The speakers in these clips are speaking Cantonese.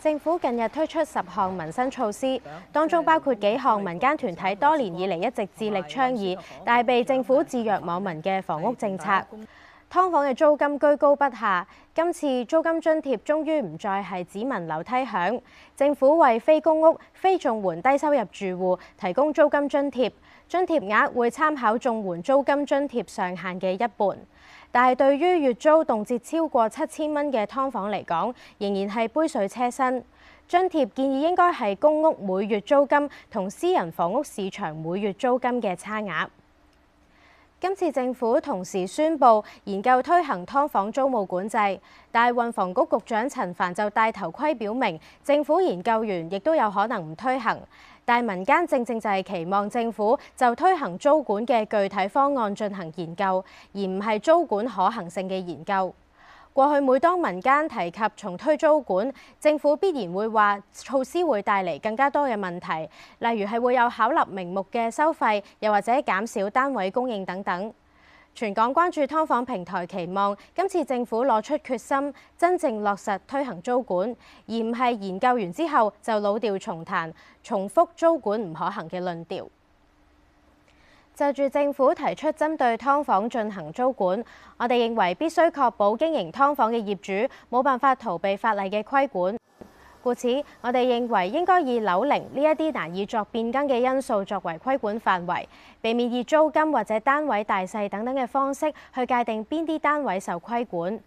政府近日推出十項民生措施，當中包括幾項民間團體多年以嚟一直致力倡議，但係被政府置若罔聞嘅房屋政策。劏房嘅租金居高不下，今次租金津貼終於唔再係只聞樓梯響。政府為非公屋、非綜援低收入住戶提供租金津貼，津貼額會參考綜援租金津貼上限嘅一半。但係對於月租動輒超過七千蚊嘅劏房嚟講，仍然係杯水車薪。津貼建議應該係公屋每月租金同私人房屋市場每月租金嘅差額。今次政府同時宣布研究推行劏房租務管制，大運房局局長陳帆就戴頭盔表明，政府研究完亦都有可能唔推行，但民間正正就係期望政府就推行租管嘅具體方案進行研究，而唔係租管可行性嘅研究。過去每當民間提及重推租管，政府必然會話措施會帶嚟更加多嘅問題，例如係會有巧立名目嘅收費，又或者減少單位供應等等。全港關注劏房平台期望今次政府攞出決心，真正落實推行租管，而唔係研究完之後就老調重彈，重複租管唔可行嘅論調。就住政府提出針對劏房進行租管，我哋認為必須確保經營劏房嘅業主冇辦法逃避法例嘅規管。故此，我哋認為應該以樓齡呢一啲難以作變更嘅因素作為規管範圍，避免以租金或者單位大細等等嘅方式去界定邊啲單位受規管。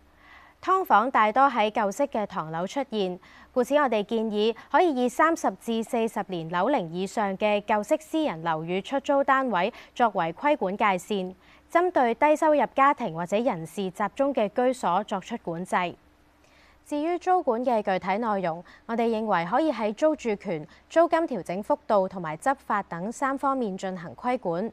劏房大多喺舊式嘅唐樓出現，故此我哋建議可以以三十至四十年樓齡以上嘅舊式私人樓宇出租單位作為規管界線，針對低收入家庭或者人士集中嘅居所作出管制。至於租管嘅具體內容，我哋認為可以喺租住權、租金調整幅度同埋執法等三方面進行規管。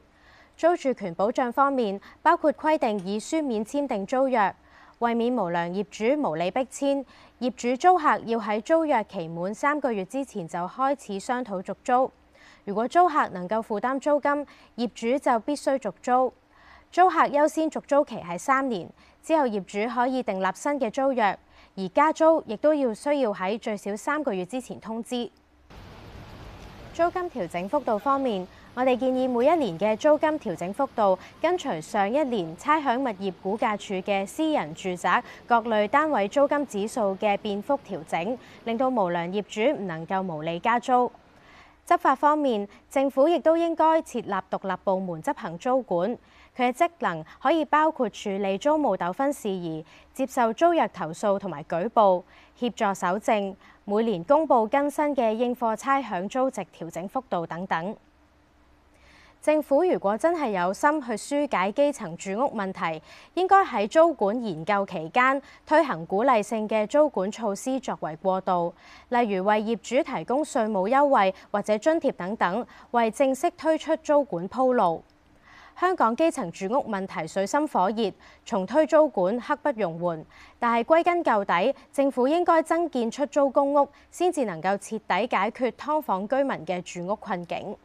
租住權保障方面，包括規定以書面簽訂租約。為免無良業主無理逼遷，業主租客要喺租約期滿三個月之前就開始商討續租。如果租客能夠負擔租金，業主就必須續租。租客優先續租期係三年，之後業主可以訂立新嘅租約，而加租亦都要需要喺最少三個月之前通知。租金調整幅度方面。我哋建議每一年嘅租金調整幅度，跟隨上一年差餉物業估價署嘅私人住宅各類單位租金指數嘅變幅調整，令到無良業主唔能夠無理加租。執法方面，政府亦都應該設立獨立部門執行租管，佢嘅職能可以包括處理租務糾紛事宜、接受租約投訴同埋舉報、協助搜證、每年公佈更新嘅應課差餉租值調整幅度等等。政府如果真係有心去疏解基層住屋問題，應該喺租管研究期間推行鼓勵性嘅租管措施作為過渡，例如為業主提供稅務優惠或者津貼等等，為正式推出租管鋪路。香港基層住屋問題水深火熱，重推租管刻不容緩。但係歸根究底，政府應該增建出租公屋，先至能夠徹底解決劏房居民嘅住屋困境。